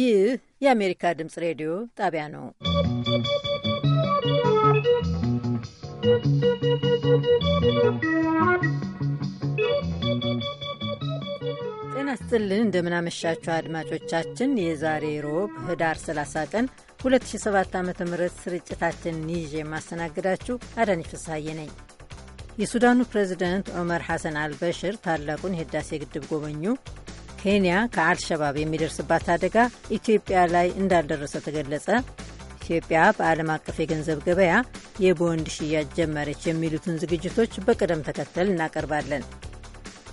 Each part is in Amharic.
ይህ የአሜሪካ ድምፅ ሬዲዮ ጣቢያ ነው። ጤና ስጥልን፣ እንደምናመሻችሁ አድማጮቻችን። የዛሬ ሮብ ህዳር 30 ቀን 2007 ዓ ም ስርጭታችንን ይዤ የማስተናግዳችሁ አዳነች ፍስሐዬ ነኝ። የሱዳኑ ፕሬዝደንት ዑመር ሐሰን አልበሽር ታላቁን የህዳሴ ግድብ ጎበኙ። ኬንያ ከአልሸባብ የሚደርስባት አደጋ ኢትዮጵያ ላይ እንዳልደረሰ ተገለጸ። ኢትዮጵያ በዓለም አቀፍ የገንዘብ ገበያ የቦንድ ሽያጭ ጀመረች። የሚሉትን ዝግጅቶች በቅደም ተከተል እናቀርባለን።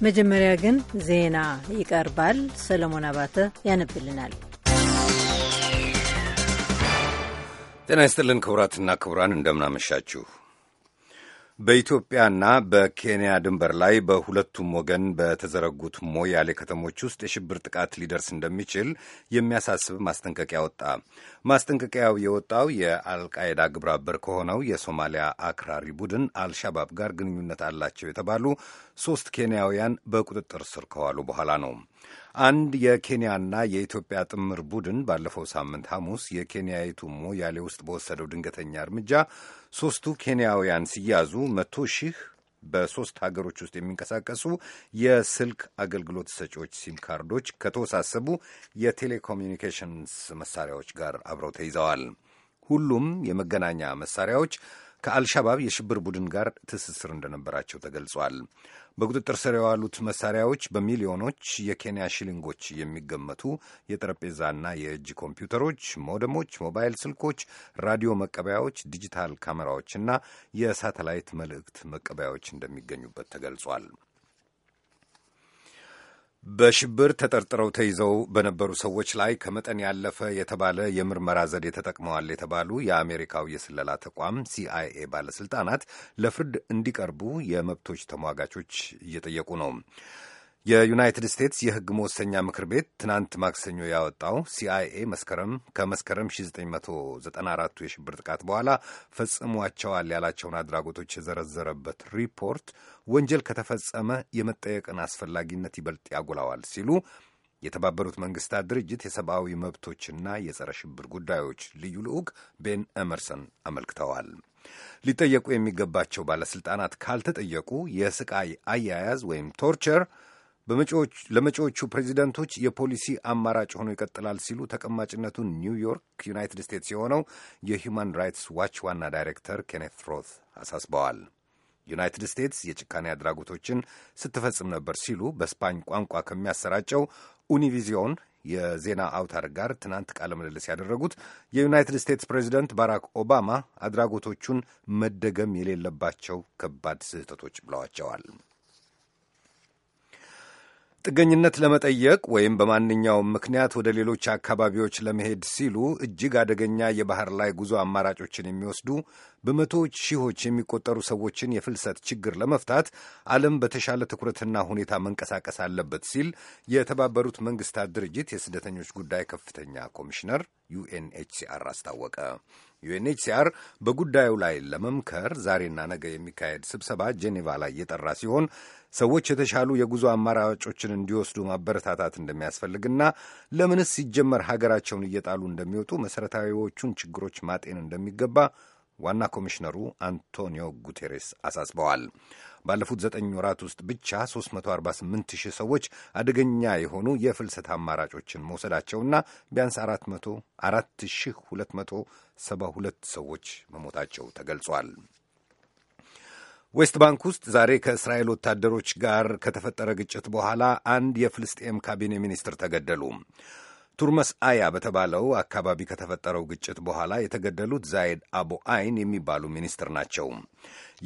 መጀመሪያ ግን ዜና ይቀርባል። ሰለሞን አባተ ያነብልናል። ጤና ይስጥልን ክቡራትና ክቡራን እንደምናመሻችሁ። በኢትዮጵያና በኬንያ ድንበር ላይ በሁለቱም ወገን በተዘረጉት ሞያሌ ከተሞች ውስጥ የሽብር ጥቃት ሊደርስ እንደሚችል የሚያሳስብ ማስጠንቀቂያ ወጣ። ማስጠንቀቂያው የወጣው የአልቃይዳ ግብረአበር ከሆነው የሶማሊያ አክራሪ ቡድን አልሻባብ ጋር ግንኙነት አላቸው የተባሉ ሶስት ኬንያውያን በቁጥጥር ስር ከዋሉ በኋላ ነው። አንድ የኬንያና የኢትዮጵያ ጥምር ቡድን ባለፈው ሳምንት ሐሙስ የኬንያዊቱ ሞያሌ ውስጥ በወሰደው ድንገተኛ እርምጃ ሦስቱ ኬንያውያን ሲያዙ መቶ ሺህ በሦስት ሀገሮች ውስጥ የሚንቀሳቀሱ የስልክ አገልግሎት ሰጪዎች ሲም ካርዶች ከተወሳሰቡ የቴሌኮሚኒኬሽንስ መሳሪያዎች ጋር አብረው ተይዘዋል። ሁሉም የመገናኛ መሳሪያዎች ከአልሻባብ የሽብር ቡድን ጋር ትስስር እንደነበራቸው ተገልጿል። በቁጥጥር ስር የዋሉት መሳሪያዎች በሚሊዮኖች የኬንያ ሽሊንጎች የሚገመቱ የጠረጴዛና የእጅ ኮምፒውተሮች፣ ሞደሞች፣ ሞባይል ስልኮች፣ ራዲዮ መቀበያዎች፣ ዲጂታል ካሜራዎችና የሳተላይት መልእክት መቀበያዎች እንደሚገኙበት ተገልጿል። በሽብር ተጠርጥረው ተይዘው በነበሩ ሰዎች ላይ ከመጠን ያለፈ የተባለ የምርመራ ዘዴ ተጠቅመዋል የተባሉ የአሜሪካው የስለላ ተቋም ሲአይኤ ባለስልጣናት ለፍርድ እንዲቀርቡ የመብቶች ተሟጋቾች እየጠየቁ ነው። የዩናይትድ ስቴትስ የሕግ መወሰኛ ምክር ቤት ትናንት ማክሰኞ ያወጣው ሲአይኤ መስከረም ከመስከረም 1994ቱ የሽብር ጥቃት በኋላ ፈጽሟቸዋል ያላቸውን አድራጎቶች የዘረዘረበት ሪፖርት ወንጀል ከተፈጸመ የመጠየቅን አስፈላጊነት ይበልጥ ያጉላዋል ሲሉ የተባበሩት መንግስታት ድርጅት የሰብአዊ መብቶችና የጸረ ሽብር ጉዳዮች ልዩ ልዑክ ቤን ኤመርሰን አመልክተዋል። ሊጠየቁ የሚገባቸው ባለሥልጣናት ካልተጠየቁ የስቃይ አያያዝ ወይም ቶርቸር ለመጪዎቹ ፕሬዚደንቶች የፖሊሲ አማራጭ ሆኖ ይቀጥላል ሲሉ ተቀማጭነቱን ኒውዮርክ ዩናይትድ ስቴትስ የሆነው የሂዩማን ራይትስ ዋች ዋና ዳይሬክተር ኬኔት ሮት አሳስበዋል። ዩናይትድ ስቴትስ የጭካኔ አድራጎቶችን ስትፈጽም ነበር ሲሉ በስፓኝ ቋንቋ ከሚያሰራጨው ኡኒቪዚዮን የዜና አውታር ጋር ትናንት ቃለ ምልልስ ያደረጉት የዩናይትድ ስቴትስ ፕሬዚደንት ባራክ ኦባማ አድራጎቶቹን መደገም የሌለባቸው ከባድ ስህተቶች ብለዋቸዋል። ጥገኝነት ለመጠየቅ ወይም በማንኛውም ምክንያት ወደ ሌሎች አካባቢዎች ለመሄድ ሲሉ እጅግ አደገኛ የባህር ላይ ጉዞ አማራጮችን የሚወስዱ በመቶዎች ሺዎች የሚቆጠሩ ሰዎችን የፍልሰት ችግር ለመፍታት ዓለም በተሻለ ትኩረትና ሁኔታ መንቀሳቀስ አለበት ሲል የተባበሩት መንግስታት ድርጅት የስደተኞች ጉዳይ ከፍተኛ ኮሚሽነር ዩኤንኤችሲአር አስታወቀ። ዩኤንኤችሲአር በጉዳዩ ላይ ለመምከር ዛሬና ነገ የሚካሄድ ስብሰባ ጄኔቫ ላይ የጠራ ሲሆን ሰዎች የተሻሉ የጉዞ አማራጮችን እንዲወስዱ ማበረታታት እንደሚያስፈልግና ለምንስ ሲጀመር ሀገራቸውን እየጣሉ እንደሚወጡ መሠረታዊዎቹን ችግሮች ማጤን እንደሚገባ ዋና ኮሚሽነሩ አንቶኒዮ ጉቴሬስ አሳስበዋል። ባለፉት ዘጠኝ ወራት ውስጥ ብቻ 348 ሺህ ሰዎች አደገኛ የሆኑ የፍልሰት አማራጮችን መውሰዳቸውና ቢያንስ 4272 ሰዎች መሞታቸው ተገልጿል። ዌስት ባንክ ውስጥ ዛሬ ከእስራኤል ወታደሮች ጋር ከተፈጠረ ግጭት በኋላ አንድ የፍልስጤም ካቢኔ ሚኒስትር ተገደሉ። ቱርመስ አያ በተባለው አካባቢ ከተፈጠረው ግጭት በኋላ የተገደሉት ዛይድ አቡ አይን የሚባሉ ሚኒስትር ናቸው።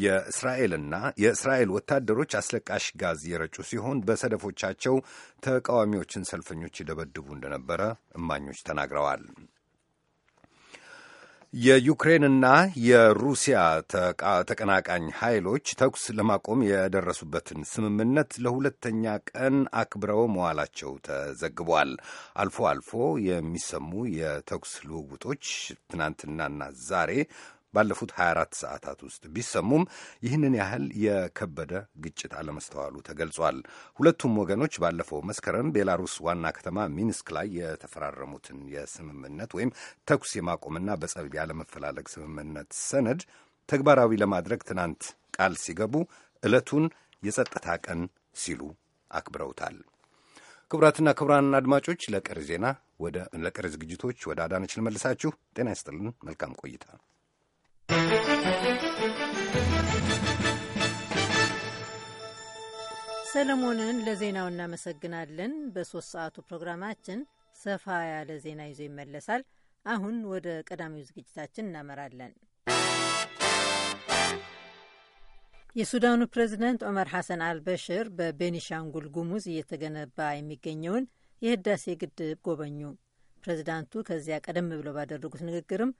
የእስራኤልና የእስራኤል ወታደሮች አስለቃሽ ጋዝ የረጩ ሲሆን በሰደፎቻቸው ተቃዋሚዎችን፣ ሰልፈኞች ይደበድቡ እንደነበረ እማኞች ተናግረዋል። የዩክሬንና የሩሲያ ተቀናቃኝ ኃይሎች ተኩስ ለማቆም የደረሱበትን ስምምነት ለሁለተኛ ቀን አክብረው መዋላቸው ተዘግቧል። አልፎ አልፎ የሚሰሙ የተኩስ ልውውጦች ትናንትናና ዛሬ ባለፉት 24 ሰዓታት ውስጥ ቢሰሙም ይህንን ያህል የከበደ ግጭት አለመስተዋሉ ተገልጿል። ሁለቱም ወገኖች ባለፈው መስከረም ቤላሩስ ዋና ከተማ ሚንስክ ላይ የተፈራረሙትን የስምምነት ወይም ተኩስ የማቆምና በጸብ ያለመፈላለግ ስምምነት ሰነድ ተግባራዊ ለማድረግ ትናንት ቃል ሲገቡ ዕለቱን የጸጥታ ቀን ሲሉ አክብረውታል። ክቡራትና ክቡራን አድማጮች ለቀሪ ዜና ለቀሪ ዝግጅቶች ወደ አዳነች ልመልሳችሁ። ጤና ይስጥልን። መልካም ቆይታ ሰለሞንን ለዜናው እናመሰግናለን። በሶስት ሰዓቱ ፕሮግራማችን ሰፋ ያለ ዜና ይዞ ይመለሳል። አሁን ወደ ቀዳሚው ዝግጅታችን እናመራለን። የሱዳኑ ፕሬዚደንት ዑመር ሐሰን አልበሽር በቤኒሻንጉል ጉሙዝ እየተገነባ የሚገኘውን የህዳሴ ግድብ ጎበኙ። ፕሬዚዳንቱ ከዚያ ቀደም ብለው ባደረጉት ንግግርም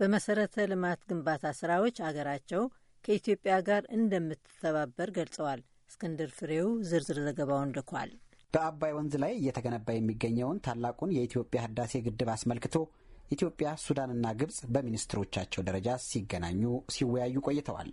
በመሰረተ ልማት ግንባታ ስራዎች አገራቸው ከኢትዮጵያ ጋር እንደምትተባበር ገልጸዋል። እስክንድር ፍሬው ዝርዝር ዘገባውን ልኳል። በአባይ ወንዝ ላይ እየተገነባ የሚገኘውን ታላቁን የኢትዮጵያ ህዳሴ ግድብ አስመልክቶ ኢትዮጵያ፣ ሱዳንና ግብጽ በሚኒስትሮቻቸው ደረጃ ሲገናኙ ሲወያዩ ቆይተዋል።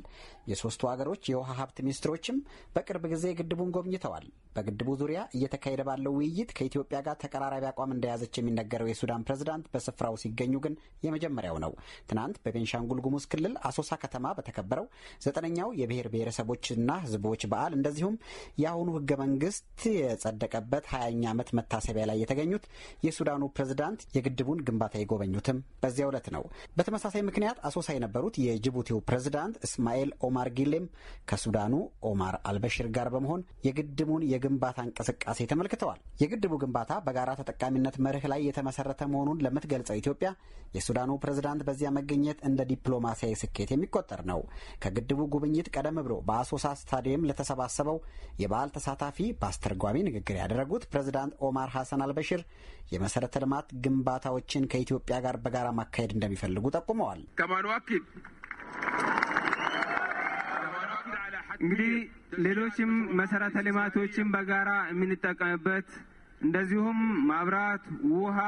የሶስቱ አገሮች የውሃ ሀብት ሚኒስትሮችም በቅርብ ጊዜ ግድቡን ጎብኝተዋል። በግድቡ ዙሪያ እየተካሄደ ባለው ውይይት ከኢትዮጵያ ጋር ተቀራራቢ አቋም እንደያዘች የሚነገረው የሱዳን ፕሬዝዳንት በስፍራው ሲገኙ ግን የመጀመሪያው ነው። ትናንት በቤንሻንጉል ጉሙዝ ክልል አሶሳ ከተማ በተከበረው ዘጠነኛው የብሔር ብሔረሰቦችና ሕዝቦች በዓል እንደዚሁም የአሁኑ ህገ መንግስት የጸደቀበት ሀያኛ ዓመት መታሰቢያ ላይ የተገኙት የሱዳኑ ፕሬዝዳንት የግድቡን ግንባታ የጎበኙትም በዚያው ዕለት ነው። በተመሳሳይ ምክንያት አሶሳ የነበሩት የጅቡቲው ፕሬዝዳንት እስማኤል ኦማር ጊሌም ከሱዳኑ ኦማር አልበሽር ጋር በመሆን የግድቡን የግንባታ እንቅስቃሴ ተመልክተዋል። የግድቡ ግንባታ በጋራ ተጠቃሚነት መርህ ላይ የተመሰረተ መሆኑን ለምትገልጸው ኢትዮጵያ የሱዳኑ ፕሬዝዳንት በዚያ መገኘት እንደ ዲፕሎማሲያዊ ስኬት የሚቆጠር ነው። ከግድቡ ጉብኝት ቀደም ብሎ በአሶሳ ስታዲየም ለተሰባሰበው የበዓል ተሳታፊ በአስተርጓሚ ንግግር ያደረጉት ፕሬዝዳንት ኦማር ሐሰን አልበሽር የመሰረተ ልማት ግንባታዎችን ከኢትዮጵያ ጋር በጋራ ማካሄድ እንደሚፈልጉ ጠቁመዋል። እንግዲህ ሌሎችም መሰረተ ልማቶችን በጋራ የምንጠቀምበት እንደዚሁም መብራት፣ ውሃ፣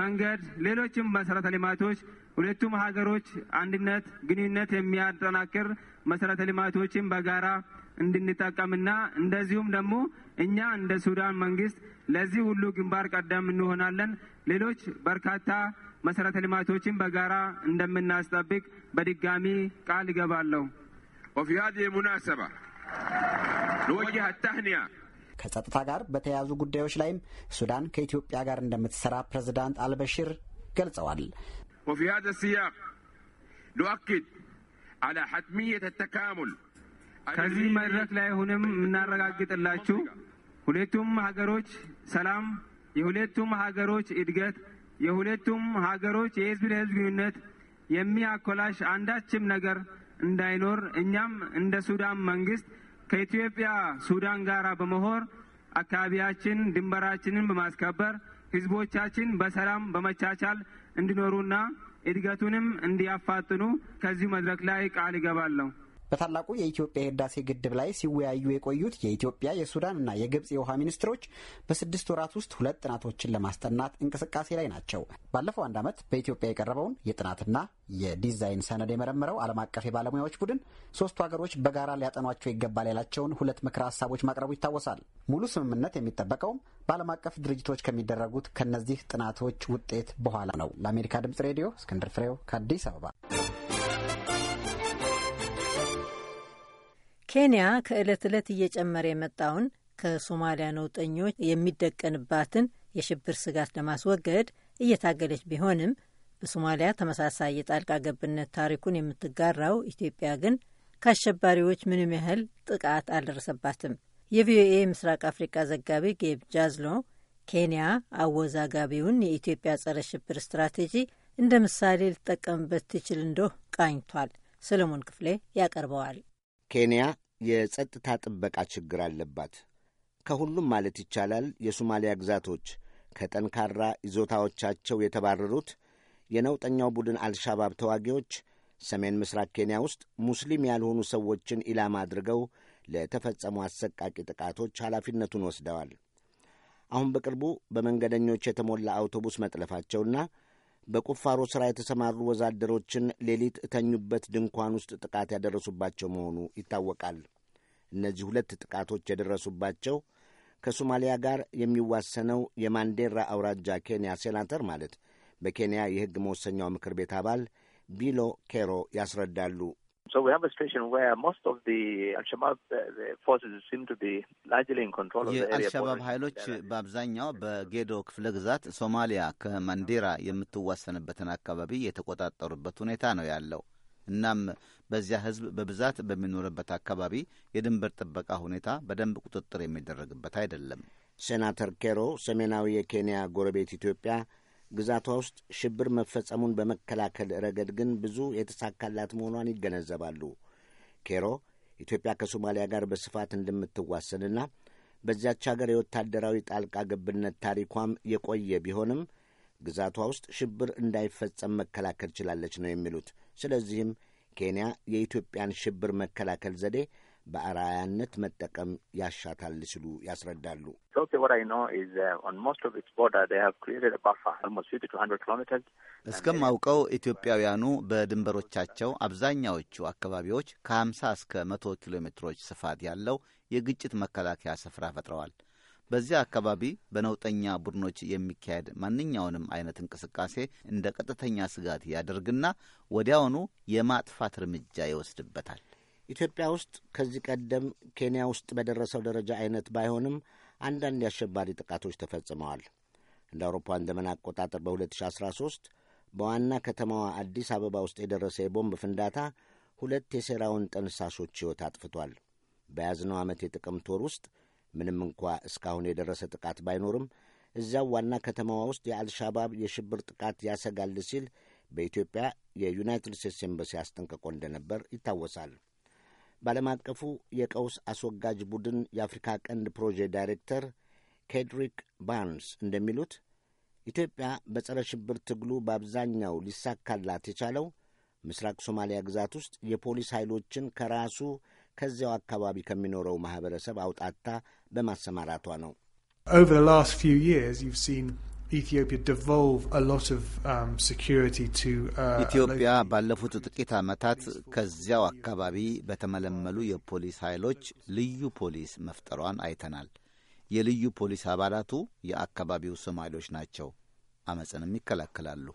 መንገድ፣ ሌሎችም መሰረተ ልማቶች ሁለቱም ሀገሮች አንድነት ግንኙነት የሚያጠናክር መሰረተ ልማቶችን በጋራ እንድንጠቀምና እንደዚሁም ደግሞ እኛ እንደ ሱዳን መንግስት ለዚህ ሁሉ ግንባር ቀደም እንሆናለን። ሌሎች በርካታ መሰረተ ልማቶችን በጋራ እንደምናስጠብቅ በድጋሚ ቃል እገባለሁ። وفي هذه المناسبة نوجه التهنئة ከጸጥታ ጋር በተያያዙ ጉዳዮች ላይም ሱዳን ከኢትዮጵያ ጋር እንደምትሰራ ፕሬዝዳንት አልበሽር ገልጸዋል። وفي هذا السياق نؤكد على حتمية التكامل ከዚህ መድረክ ላይ ሁንም የምናረጋግጥላችሁ ሁለቱም ሀገሮች ሰላም፣ የሁለቱም ሀገሮች እድገት፣ የሁለቱም ሀገሮች የህዝብ ለህዝብ ግንኙነት የሚያኮላሽ አንዳችም ነገር እንዳይኖር እኛም እንደ ሱዳን መንግስት ከኢትዮጵያ ሱዳን ጋር በመሆን አካባቢያችን ድንበራችንን በማስከበር ህዝቦቻችን በሰላም በመቻቻል እንዲኖሩና እድገቱንም እንዲያፋጥኑ ከዚሁ መድረክ ላይ ቃል ይገባለሁ። በታላቁ የኢትዮጵያ የህዳሴ ግድብ ላይ ሲወያዩ የቆዩት የኢትዮጵያ የሱዳንና የግብፅ የውሃ ሚኒስትሮች በስድስት ወራት ውስጥ ሁለት ጥናቶችን ለማስጠናት እንቅስቃሴ ላይ ናቸው። ባለፈው አንድ ዓመት በኢትዮጵያ የቀረበውን የጥናትና የዲዛይን ሰነድ የመረመረው ዓለም አቀፍ የባለሙያዎች ቡድን ሶስቱ ሀገሮች በጋራ ሊያጠኗቸው ይገባል ያላቸውን ሁለት ምክረ ሀሳቦች ማቅረቡ ይታወሳል። ሙሉ ስምምነት የሚጠበቀውም በዓለም አቀፍ ድርጅቶች ከሚደረጉት ከነዚህ ጥናቶች ውጤት በኋላ ነው። ለአሜሪካ ድምጽ ሬዲዮ እስክንድር ፍሬው ከአዲስ አበባ ኬንያ ከዕለት ዕለት እየጨመረ የመጣውን ከሶማሊያ ነውጠኞች የሚደቀንባትን የሽብር ስጋት ለማስወገድ እየታገለች ቢሆንም በሶማሊያ ተመሳሳይ የጣልቃ ገብነት ታሪኩን የምትጋራው ኢትዮጵያ ግን ከአሸባሪዎች ምንም ያህል ጥቃት አልደረሰባትም። የቪኦኤ ምስራቅ አፍሪቃ ዘጋቢ ጌብ ጃዝሎ ኬንያ አወዛጋቢውን የኢትዮጵያ ጸረ ሽብር ስትራቴጂ እንደ ምሳሌ ልትጠቀምበት ትችል እንደሆነ ቃኝቷል። ሰለሞን ክፍሌ ያቀርበዋል። ኬንያ የጸጥታ ጥበቃ ችግር አለባት። ከሁሉም ማለት ይቻላል የሶማሊያ ግዛቶች ከጠንካራ ይዞታዎቻቸው የተባረሩት የነውጠኛው ቡድን አልሻባብ ተዋጊዎች ሰሜን ምስራቅ ኬንያ ውስጥ ሙስሊም ያልሆኑ ሰዎችን ኢላማ አድርገው ለተፈጸሙ አሰቃቂ ጥቃቶች ኃላፊነቱን ወስደዋል። አሁን በቅርቡ በመንገደኞች የተሞላ አውቶቡስ መጥለፋቸውና በቁፋሮ ሥራ የተሰማሩ ወዛደሮችን ሌሊት እተኙበት ድንኳን ውስጥ ጥቃት ያደረሱባቸው መሆኑ ይታወቃል። እነዚህ ሁለት ጥቃቶች የደረሱባቸው ከሶማሊያ ጋር የሚዋሰነው የማንዴራ አውራጃ ኬንያ ሴናተር ማለት በኬንያ የሕግ መወሰኛው ምክር ቤት አባል ቢሎ ኬሮ ያስረዳሉ። የአልሻባብ ኃይሎች በአብዛኛው በጌዶ ክፍለ ግዛት ሶማሊያ ከማንዴራ የምትዋሰንበትን አካባቢ የተቆጣጠሩበት ሁኔታ ነው ያለው። እናም በዚያ ህዝብ በብዛት በሚኖርበት አካባቢ የድንበር ጥበቃ ሁኔታ በደንብ ቁጥጥር የሚደረግበት አይደለም። ሴናተር ኬሮ ሰሜናዊ የኬንያ ጎረቤት ኢትዮጵያ ግዛቷ ውስጥ ሽብር መፈጸሙን በመከላከል ረገድ ግን ብዙ የተሳካላት መሆኗን ይገነዘባሉ። ኬሮ ኢትዮጵያ ከሶማሊያ ጋር በስፋት እንደምትዋሰንና በዚያች አገር የወታደራዊ ጣልቃ ገብነት ታሪኳም የቆየ ቢሆንም ግዛቷ ውስጥ ሽብር እንዳይፈጸም መከላከል ችላለች ነው የሚሉት። ስለዚህም ኬንያ የኢትዮጵያን ሽብር መከላከል ዘዴ በአርአያነት መጠቀም ያሻታል ሲሉ ያስረዳሉ። uh, እስከማውቀው ኢትዮጵያውያኑ በድንበሮቻቸው አብዛኛዎቹ አካባቢዎች ከ50 እስከ 100 ኪሎ ሜትሮች ስፋት ያለው የግጭት መከላከያ ስፍራ ፈጥረዋል። በዚያ አካባቢ በነውጠኛ ቡድኖች የሚካሄድ ማንኛውንም አይነት እንቅስቃሴ እንደ ቀጥተኛ ስጋት ያደርግና ወዲያውኑ የማጥፋት እርምጃ ይወስድበታል። ኢትዮጵያ ውስጥ ከዚህ ቀደም ኬንያ ውስጥ በደረሰው ደረጃ አይነት ባይሆንም አንዳንድ የአሸባሪ ጥቃቶች ተፈጽመዋል። እንደ አውሮፓውያን ዘመን አቆጣጠር በ2013 በዋና ከተማዋ አዲስ አበባ ውስጥ የደረሰ የቦምብ ፍንዳታ ሁለት የሴራውን ጠንሳሾች ሕይወት አጥፍቷል። በያዝነው ዓመት የጥቅምት ወር ውስጥ ምንም እንኳ እስካሁን የደረሰ ጥቃት ባይኖርም እዚያው ዋና ከተማዋ ውስጥ የአልሻባብ የሽብር ጥቃት ያሰጋል ሲል በኢትዮጵያ የዩናይትድ ስቴትስ ኤምባሲ አስጠንቅቆ እንደነበር ይታወሳል። በዓለም አቀፉ የቀውስ አስወጋጅ ቡድን የአፍሪካ ቀንድ ፕሮጀክት ዳይሬክተር ኬድሪክ ባርንስ እንደሚሉት ኢትዮጵያ በጸረ ሽብር ትግሉ በአብዛኛው ሊሳካላት የቻለው ምስራቅ ሶማሊያ ግዛት ውስጥ የፖሊስ ኃይሎችን ከራሱ ከዚያው አካባቢ ከሚኖረው ማኅበረሰብ አውጣታ በማሰማራቷ ነው። ኢትዮጵያ um, uh, ባለፉት ጥቂት ዓመታት ከዚያው አካባቢ በተመለመሉ የፖሊስ ኃይሎች ልዩ ፖሊስ መፍጠሯን አይተናል። የልዩ ፖሊስ አባላቱ የአካባቢው ሶማሌዎች ናቸው። አመፅንም ይከላከላሉ።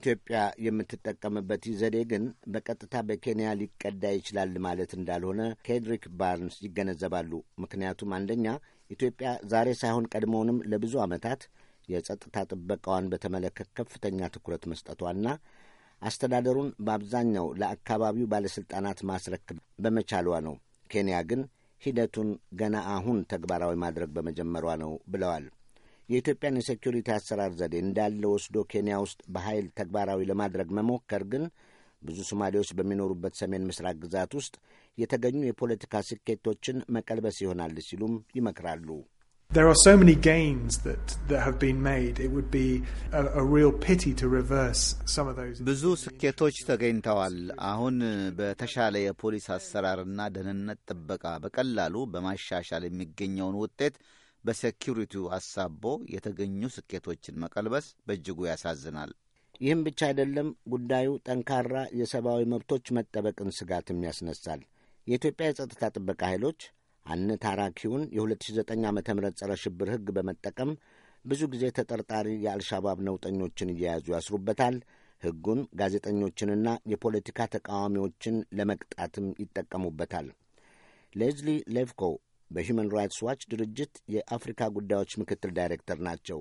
ኢትዮጵያ የምትጠቀምበት ይህ ዘዴ ግን በቀጥታ በኬንያ ሊቀዳ ይችላል ማለት እንዳልሆነ ኬድሪክ ባርንስ ይገነዘባሉ። ምክንያቱም አንደኛ ኢትዮጵያ ዛሬ ሳይሆን ቀድሞውንም ለብዙ ዓመታት የጸጥታ ጥበቃዋን በተመለከት ከፍተኛ ትኩረት መስጠቷና አስተዳደሩን በአብዛኛው ለአካባቢው ባለሥልጣናት ማስረክብ በመቻሏ ነው። ኬንያ ግን ሂደቱን ገና አሁን ተግባራዊ ማድረግ በመጀመሯ ነው ብለዋል። የኢትዮጵያን የሴኪሪቲ አሰራር ዘዴ እንዳለ ወስዶ ኬንያ ውስጥ በኃይል ተግባራዊ ለማድረግ መሞከር ግን ብዙ ሶማሌዎች በሚኖሩበት ሰሜን ምስራቅ ግዛት ውስጥ የተገኙ የፖለቲካ ስኬቶችን መቀልበስ ይሆናል ሲሉም ይመክራሉ። there are so many gains that, that have been made. It would be a, a real pity to reverse some of those. ብዙ ስኬቶች ተገኝተዋል። አሁን በተሻለ የፖሊስ አሰራርና ደህንነት ጥበቃ በቀላሉ በማሻሻል የሚገኘውን ውጤት በሴኪሪቲው አሳቦ የተገኙ ስኬቶችን መቀልበስ በእጅጉ ያሳዝናል። ይህም ብቻ አይደለም። ጉዳዩ ጠንካራ የሰብአዊ መብቶች መጠበቅን ስጋትም ያስነሳል። የኢትዮጵያ የጸጥታ ጥበቃ ኃይሎች አነታራኪውን የ2009 ዓ ም ጸረ ሽብር ሕግ በመጠቀም ብዙ ጊዜ ተጠርጣሪ የአልሻባብ ነውጠኞችን እየያዙ ያስሩበታል። ሕጉን ጋዜጠኞችንና የፖለቲካ ተቃዋሚዎችን ለመቅጣትም ይጠቀሙበታል። ሌዝሊ ሌቭኮ በሂውማን ራይትስ ዋች ድርጅት የአፍሪካ ጉዳዮች ምክትል ዳይሬክተር ናቸው።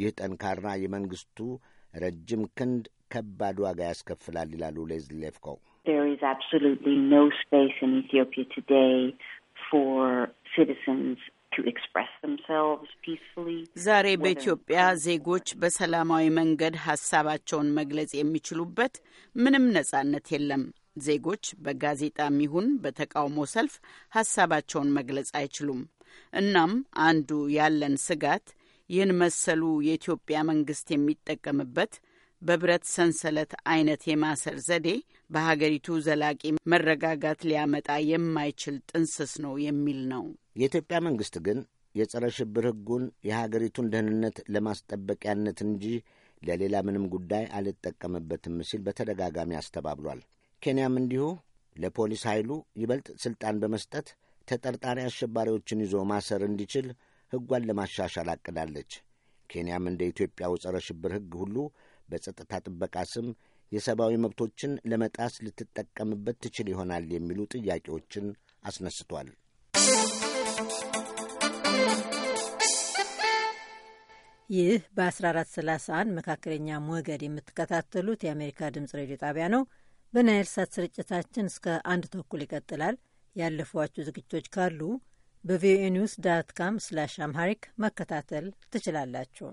ይህ ጠንካራ የመንግሥቱ ረጅም ክንድ ከባድ ዋጋ ያስከፍላል ይላሉ ሌዝሊ ሌቭኮ ዛሬ በኢትዮጵያ ዜጎች በሰላማዊ መንገድ ሀሳባቸውን መግለጽ የሚችሉበት ምንም ነጻነት የለም። ዜጎች በጋዜጣም ይሁን በተቃውሞ ሰልፍ ሀሳባቸውን መግለጽ አይችሉም። እናም አንዱ ያለን ስጋት ይህን መሰሉ የኢትዮጵያ መንግስት የሚጠቀምበት በብረት ሰንሰለት አይነት የማሰር ዘዴ በሀገሪቱ ዘላቂ መረጋጋት ሊያመጣ የማይችል ጥንስስ ነው የሚል ነው። የኢትዮጵያ መንግስት ግን የጸረ ሽብር ሕጉን የሀገሪቱን ደህንነት ለማስጠበቂያነት እንጂ ለሌላ ምንም ጉዳይ አልጠቀምበትም ሲል በተደጋጋሚ አስተባብሏል። ኬንያም እንዲሁ ለፖሊስ ኃይሉ ይበልጥ ስልጣን በመስጠት ተጠርጣሪ አሸባሪዎችን ይዞ ማሰር እንዲችል ሕጓን ለማሻሻል አቅዳለች። ኬንያም እንደ ኢትዮጵያው ጸረ ሽብር ሕግ ሁሉ በጸጥታ ጥበቃ ስም የሰብአዊ መብቶችን ለመጣስ ልትጠቀምበት ትችል ይሆናል የሚሉ ጥያቄዎችን አስነስቷል። ይህ በ1431 መካከለኛ ሞገድ የምትከታተሉት የአሜሪካ ድምፅ ሬዲዮ ጣቢያ ነው። በናይል ሳት ስርጭታችን እስከ አንድ ተኩል ይቀጥላል። ያለፏችሁ ዝግጅቶች ካሉ በቪኦኤ ኒውስ ዳት ካም ስላሽ አምሃሪክ መከታተል ትችላላችሁ።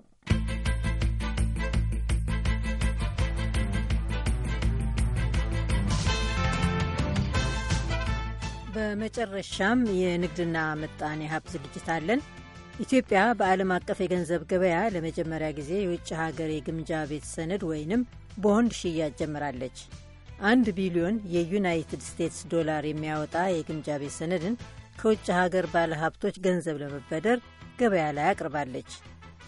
በመጨረሻም የንግድና ምጣኔ ሀብት ዝግጅት አለን። ኢትዮጵያ በዓለም አቀፍ የገንዘብ ገበያ ለመጀመሪያ ጊዜ የውጭ ሀገር የግምጃ ቤት ሰነድ ወይንም ቦንድ ሽያጭ ጀምራለች። አንድ ቢሊዮን የዩናይትድ ስቴትስ ዶላር የሚያወጣ የግምጃ ቤት ሰነድን ከውጭ ሀገር ባለሀብቶች ገንዘብ ለመበደር ገበያ ላይ አቅርባለች።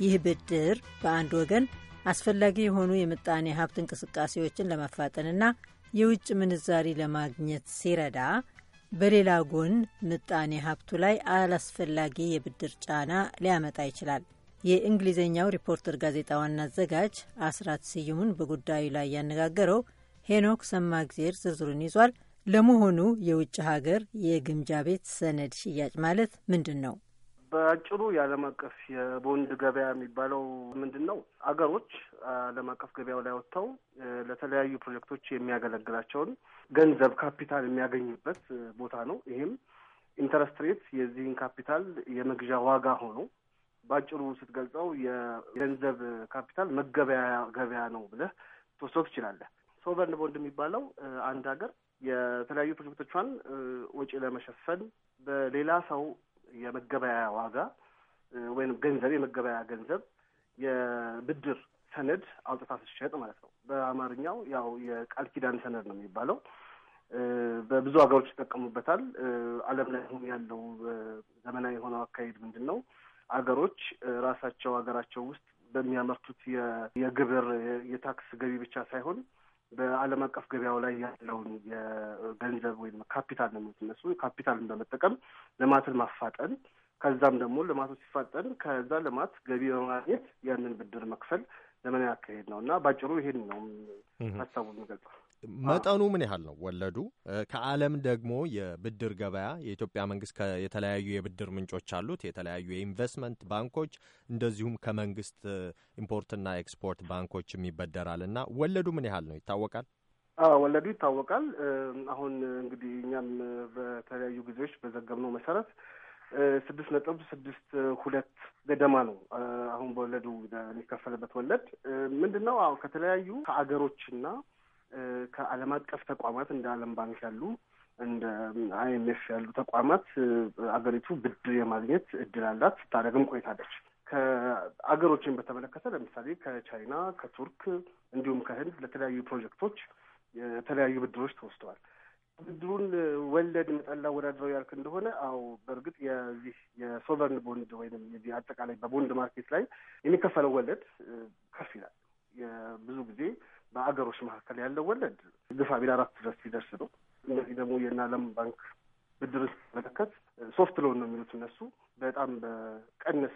ይህ ብድር በአንድ ወገን አስፈላጊ የሆኑ የምጣኔ ሀብት እንቅስቃሴዎችን ለማፋጠንና የውጭ ምንዛሪ ለማግኘት ሲረዳ በሌላ ጎን ምጣኔ ሀብቱ ላይ አላስፈላጊ የብድር ጫና ሊያመጣ ይችላል። የእንግሊዝኛው ሪፖርተር ጋዜጣ ዋና አዘጋጅ አስራት ስዩሙን በጉዳዩ ላይ ያነጋገረው ሄኖክ ሰማግዜር ዝርዝሩን ይዟል። ለመሆኑ የውጭ ሀገር የግምጃ ቤት ሰነድ ሽያጭ ማለት ምንድን ነው? በአጭሩ የዓለም አቀፍ የቦንድ ገበያ የሚባለው ምንድን ነው? አገሮች ዓለም አቀፍ ገበያው ላይ ወጥተው ለተለያዩ ፕሮጀክቶች የሚያገለግላቸውን ገንዘብ ካፒታል የሚያገኙበት ቦታ ነው። ይህም ኢንተረስት ሬት የዚህን ካፒታል የመግዣ ዋጋ ሆኖ በአጭሩ ስትገልጸው የገንዘብ ካፒታል መገበያ ገበያ ነው ብለህ ትወስዶ ትችላለህ። ሶቨርን ቦንድ የሚባለው አንድ ሀገር የተለያዩ ፕሮጀክቶቿን ወጪ ለመሸፈን በሌላ ሰው የመገበያ ዋጋ ወይም ገንዘብ የመገበያ ገንዘብ የብድር ሰነድ አውጥታ ስትሸጥ ማለት ነው። በአማርኛው ያው የቃል ኪዳን ሰነድ ነው የሚባለው። በብዙ ሀገሮች ይጠቀሙበታል። ዓለም ላይ አሁን ያለው ዘመናዊ የሆነው አካሄድ ምንድን ነው? አገሮች ራሳቸው ሀገራቸው ውስጥ በሚያመርቱት የግብር የታክስ ገቢ ብቻ ሳይሆን በዓለም አቀፍ ገበያው ላይ ያለውን የገንዘብ ወይም ካፒታል ነው የምትነሱ ካፒታልን በመጠቀም ልማትን ማፋጠን ከዛም ደግሞ ልማቱ ሲፋጠን ከዛ ልማት ገቢ በማግኘት ያንን ብድር መክፈል ለምን ያካሄድ ነው እና ባጭሩ ይሄን ነው ሀሳቡ የሚገልጸው። መጠኑ ምን ያህል ነው ወለዱ? ከዓለም ደግሞ የብድር ገበያ የኢትዮጵያ መንግስት የተለያዩ የብድር ምንጮች አሉት፣ የተለያዩ የኢንቨስትመንት ባንኮች እንደዚሁም ከመንግስት ኢምፖርትና ኤክስፖርት ባንኮች ይበደራል እና ወለዱ ምን ያህል ነው ይታወቃል? ወለዱ ይታወቃል። አሁን እንግዲህ እኛም በተለያዩ ጊዜዎች በዘገብነው መሰረት ስድስት ነጥብ ስድስት ሁለት ገደማ ነው። አሁን በወለዱ የሚከፈልበት ወለድ ምንድን ነው? ከተለያዩ ከአገሮችና ከዓለም አቀፍ ተቋማት እንደ ዓለም ባንክ ያሉ እንደ አይኤምኤፍ ያሉ ተቋማት አገሪቱ ብድር የማግኘት እድል አላት። ስታደርግም ቆይታለች። ከአገሮችን በተመለከተ ለምሳሌ ከቻይና፣ ከቱርክ እንዲሁም ከህንድ ለተለያዩ ፕሮጀክቶች የተለያዩ ብድሮች ተወስደዋል። ብድሩን ወለድ መጠን ላወዳድረው ያልክ እንደሆነ አው በእርግጥ የዚህ የሶቨርን ቦንድ ወይም የዚህ አጠቃላይ በቦንድ ማርኬት ላይ የሚከፈለው ወለድ ከፍ ይላል። ብዙ ጊዜ በአገሮች መካከል ያለው ወለድ ግፋ ቢል አራት ድረስ ሲደርስ ነው። እነዚህ ደግሞ የእነ ዓለም ባንክ ብድርን ስትመለከት ሶፍት ሎን ነው የሚሉት እነሱ በጣም በቀነሰ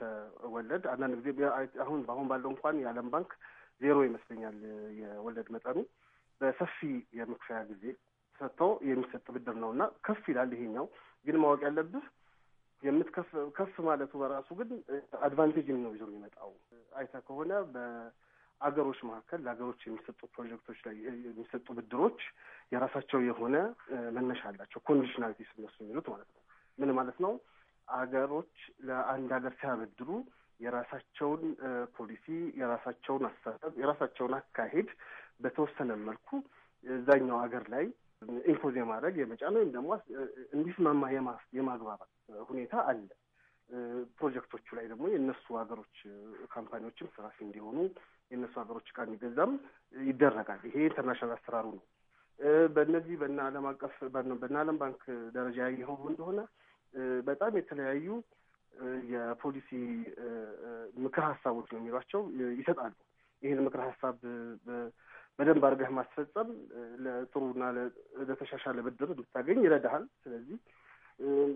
ወለድ አንዳንድ ጊዜ አሁን በአሁን ባለው እንኳን የዓለም ባንክ ዜሮ ይመስለኛል የወለድ መጠኑ በሰፊ የመክፈያ ጊዜ ሰጥቶ የሚሰጥ ብድር ነው እና ከፍ ይላል። ይሄኛው ግን ማወቅ ያለብህ የምትከፍ ከፍ ማለቱ በራሱ ግን አድቫንቴጅን ነው ይዞ የሚመጣው አይተህ ከሆነ አገሮች መካከል ለሀገሮች የሚሰጡ ፕሮጀክቶች ላይ የሚሰጡ ብድሮች የራሳቸው የሆነ መነሻ አላቸው። ኮንዲሽናሊቲስ እነሱ የሚሉት ማለት ነው። ምን ማለት ነው? አገሮች ለአንድ ሀገር ሲያበድሩ የራሳቸውን ፖሊሲ፣ የራሳቸውን አስተሳሰብ፣ የራሳቸውን አካሄድ በተወሰነ መልኩ እዛኛው ሀገር ላይ ኢምፖዝ የማድረግ የመጫን ወይም ደግሞ እንዲስማማ የማግባባት ሁኔታ አለ። ፕሮጀክቶቹ ላይ ደግሞ የእነሱ ሀገሮች ካምፓኒዎችም ስራፊ እንዲሆኑ የእነሱ ሀገሮች ዕቃ እንዲገዛም ይደረጋል። ይሄ ኢንተርናሽናል አሰራሩ ነው። በእነዚህ በና ዓለም አቀፍ በና ዓለም ባንክ ደረጃ ያየኸውም እንደሆነ በጣም የተለያዩ የፖሊሲ ምክር ሀሳቦች ነው የሚሏቸው ይሰጣሉ። ይህን ምክር ሀሳብ በደንብ አድርገህ ማስፈጸም ለጥሩና ለተሻሻለ ብድር እንድታገኝ ይረዳሃል። ስለዚህ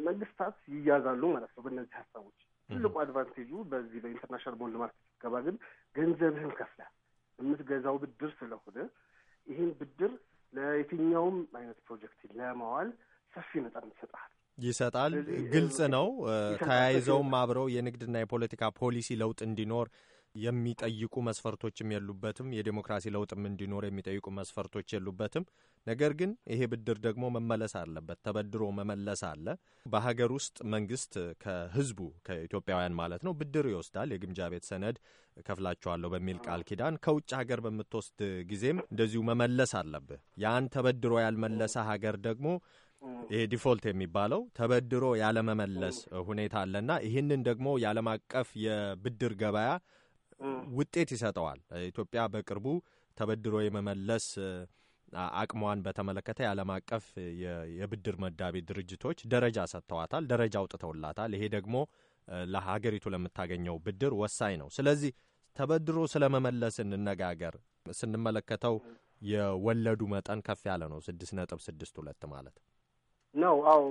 መንግስታት ይያዛሉ ማለት ነው በእነዚህ ሀሳቦች። ትልቁ አድቫንቴጁ በዚህ በኢንተርናሽናል ቦንድ ማርኬት ስትገባ ግን ገንዘብህን ከፍለህ የምትገዛው ብድር ስለሆነ ይህን ብድር ለየትኛውም አይነት ፕሮጀክት ለማዋል ሰፊ ነጻ ይሰጣል ይሰጣል። ግልጽ ነው። ተያይዘውም አብረው የንግድና የፖለቲካ ፖሊሲ ለውጥ እንዲኖር የሚጠይቁ መስፈርቶችም የሉበትም። የዴሞክራሲ ለውጥም እንዲኖር የሚጠይቁ መስፈርቶች የሉበትም። ነገር ግን ይሄ ብድር ደግሞ መመለስ አለበት፣ ተበድሮ መመለስ አለ። በሀገር ውስጥ መንግስት ከህዝቡ ከኢትዮጵያውያን ማለት ነው ብድር ይወስዳል። የግምጃ ቤት ሰነድ ከፍላችኋለሁ በሚል ቃል ኪዳን ከውጭ ሀገር በምትወስድ ጊዜም እንደዚሁ መመለስ አለብህ። ያን ተበድሮ ያልመለሰ ሀገር ደግሞ ይሄ ዲፎልት የሚባለው ተበድሮ ያለመመለስ ሁኔታ አለና ይህንን ደግሞ የዓለም አቀፍ የብድር ገበያ ውጤት ይሰጠዋል። ኢትዮጵያ በቅርቡ ተበድሮ የመመለስ አቅሟን በተመለከተ የዓለም አቀፍ የብድር መዳቤ ድርጅቶች ደረጃ ሰጥተዋታል፣ ደረጃ አውጥተውላታል። ይሄ ደግሞ ለሀገሪቱ ለምታገኘው ብድር ወሳኝ ነው። ስለዚህ ተበድሮ ስለመመለስ እንነጋገር። ስንመለከተው የወለዱ መጠን ከፍ ያለ ነው፣ ስድስት ነጥብ ስድስት ሁለት ማለት ነው። አዎ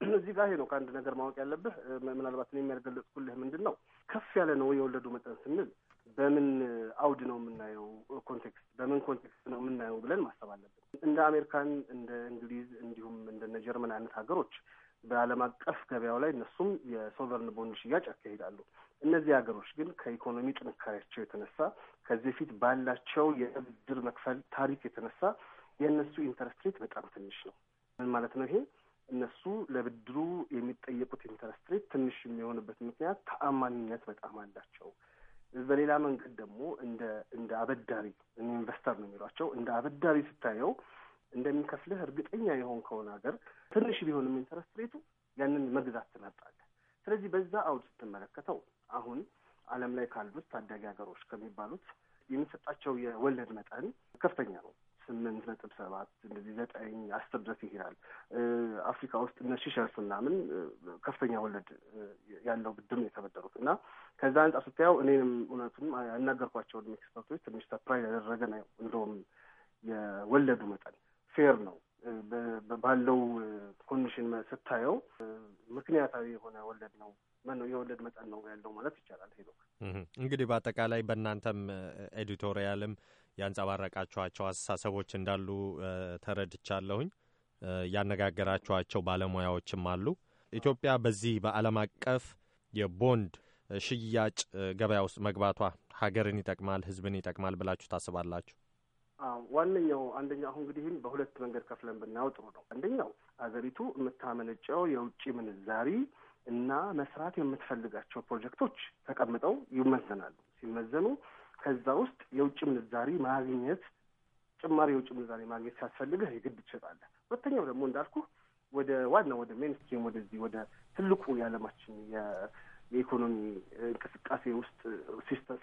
እዚህ ጋር ነው ከአንድ ነገር ማወቅ ያለብህ ምናልባት ነው የሚያልገለጽኩልህ ምንድን ነው ከፍ ያለ ነው የወለዱ መጠን ስንል በምን አውድ ነው የምናየው፣ ኮንቴክስት በምን ኮንቴክስት ነው የምናየው ብለን ማሰብ አለብን። እንደ አሜሪካን፣ እንደ እንግሊዝ እንዲሁም እንደነ ጀርመን አይነት ሀገሮች በዓለም አቀፍ ገበያው ላይ እነሱም የሶቨርን ቦንድ ሽያጭ ያካሂዳሉ። እነዚህ ሀገሮች ግን ከኢኮኖሚ ጥንካሬያቸው የተነሳ ከዚህ ፊት ባላቸው የብድር መክፈል ታሪክ የተነሳ የእነሱ ኢንተረስት ሬት በጣም ትንሽ ነው። ምን ማለት ነው ይሄ? እነሱ ለብድሩ የሚጠየቁት ኢንተረስት ሬት ትንሽ የሚሆንበት ምክንያት ተአማኒነት በጣም አላቸው። በሌላ መንገድ ደግሞ እንደ እንደ አበዳሪ ኢንቨስተር ነው የሚሏቸው። እንደ አበዳሪ ስታየው እንደሚከፍልህ እርግጠኛ የሆን ከሆነ ሀገር ትንሽ ቢሆንም ኢንተረስት ሬቱ ያንን መግዛት ትመርጣለህ። ስለዚህ በዛ አውድ ስትመለከተው አሁን ዓለም ላይ ካሉት ታዳጊ ሀገሮች ከሚባሉት የሚሰጣቸው የወለድ መጠን ከፍተኛ ነው። ስምንት ነጥብ ሰባት እንደዚህ ዘጠኝ አስር ድረስ ይሄዳል። አፍሪካ ውስጥ እነ ሺሸርስ ምናምን ከፍተኛ ወለድ ያለው ብድር ነው የተበደሩት እና ከዛ አንጻር ስታየው እኔንም እውነቱም ያናገርኳቸውን ኤክስፐርቶች ትንሽ ሰርፕራይዝ ያደረገ ነው። እንደውም የወለዱ መጠን ፌር ነው ባለው ኮንዲሽን ስታየው ምክንያታዊ የሆነ ወለድ ነው ነው የወለድ መጠን ነው ያለው ማለት ይቻላል። ሄዶ እንግዲህ በአጠቃላይ በእናንተም ኤዲቶሪያልም ያንጸባረቃችኋቸው አስተሳሰቦች እንዳሉ ተረድቻለሁኝ። ያነጋገራችኋቸው ባለሙያዎችም አሉ። ኢትዮጵያ በዚህ በዓለም አቀፍ የቦንድ ሽያጭ ገበያ ውስጥ መግባቷ ሀገርን ይጠቅማል፣ ህዝብን ይጠቅማል ብላችሁ ታስባላችሁ? ዋነኛው አንደኛው አሁን እንግዲህ በሁለት መንገድ ከፍለን ብናየው ጥሩ ነው። አንደኛው አገሪቱ የምታመነጨው የውጭ ምንዛሪ እና መስራት የምትፈልጋቸው ፕሮጀክቶች ተቀምጠው ይመዘናሉ። ሲመዘኑ ከዛ ውስጥ የውጭ ምንዛሪ ማግኘት ጭማሪ የውጭ ምንዛሪ ማግኘት ሲያስፈልግህ የግድ ትሸጣለህ። ሁለተኛው ደግሞ እንዳልኩ ወደ ዋና ወደ ሜንስትሪም ወደዚህ ወደ ትልቁ የዓለማችን የኢኮኖሚ እንቅስቃሴ ውስጥ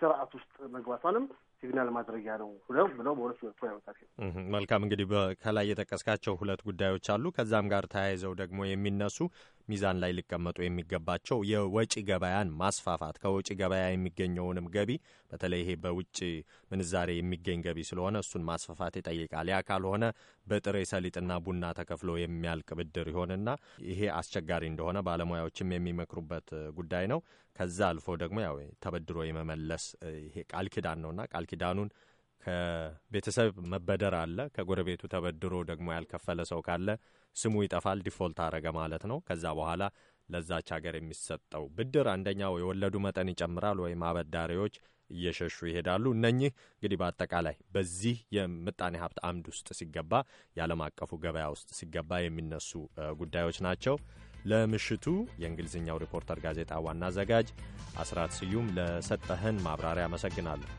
ስርዓት ውስጥ መግባቷንም ሲግናል ማድረጊያ ነው ብለው ብለው በሁለት መልኩ ያወጣል። መልካም እንግዲህ ከላይ የጠቀስካቸው ሁለት ጉዳዮች አሉ። ከዛም ጋር ተያይዘው ደግሞ የሚነሱ ሚዛን ላይ ሊቀመጡ የሚገባቸው የወጪ ገበያን ማስፋፋት ከወጪ ገበያ የሚገኘውንም ገቢ በተለይ ይሄ በውጭ ምንዛሬ የሚገኝ ገቢ ስለሆነ እሱን ማስፋፋት ይጠይቃል። ያ ካልሆነ በጥሬ ሰሊጥና ቡና ተከፍሎ የሚያልቅ ብድር ይሆንና ይሄ አስቸጋሪ እንደሆነ ባለሙያዎችም የሚመክሩበት ጉዳይ ነው። ከዛ አልፎ ደግሞ ያው ተበድሮ የመመለስ ይሄ ቃል ኪዳን ነውና ቃል ኪዳኑን ከቤተሰብ መበደር አለ። ከጎረቤቱ ተበድሮ ደግሞ ያልከፈለ ሰው ካለ ስሙ ይጠፋል፣ ዲፎልት አረገ ማለት ነው። ከዛ በኋላ ለዛች ሀገር የሚሰጠው ብድር አንደኛው የወለዱ መጠን ይጨምራል፣ ወይም አበዳሪዎች እየሸሹ ይሄዳሉ። እነኚህ እንግዲህ በአጠቃላይ በዚህ የምጣኔ ሀብት አምድ ውስጥ ሲገባ፣ የዓለም አቀፉ ገበያ ውስጥ ሲገባ የሚነሱ ጉዳዮች ናቸው። ለምሽቱ የእንግሊዝኛው ሪፖርተር ጋዜጣ ዋና አዘጋጅ አስራት ስዩም ለሰጠህን ማብራሪያ አመሰግናለሁ።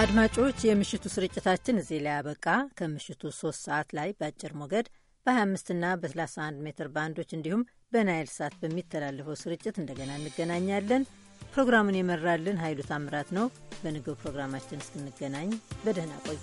አድማጮች የምሽቱ ስርጭታችን እዚህ ላይ ያበቃ። ከምሽቱ ሶስት ሰዓት ላይ በአጭር ሞገድ በ25 እና በ31 ሜትር ባንዶች እንዲሁም በናይል ሳት በሚተላለፈው ስርጭት እንደገና እንገናኛለን። ፕሮግራሙን የመራልን ኃይሉ ታምራት ነው። በንግብ ፕሮግራማችን እስክንገናኝ በደህና ቆዩ።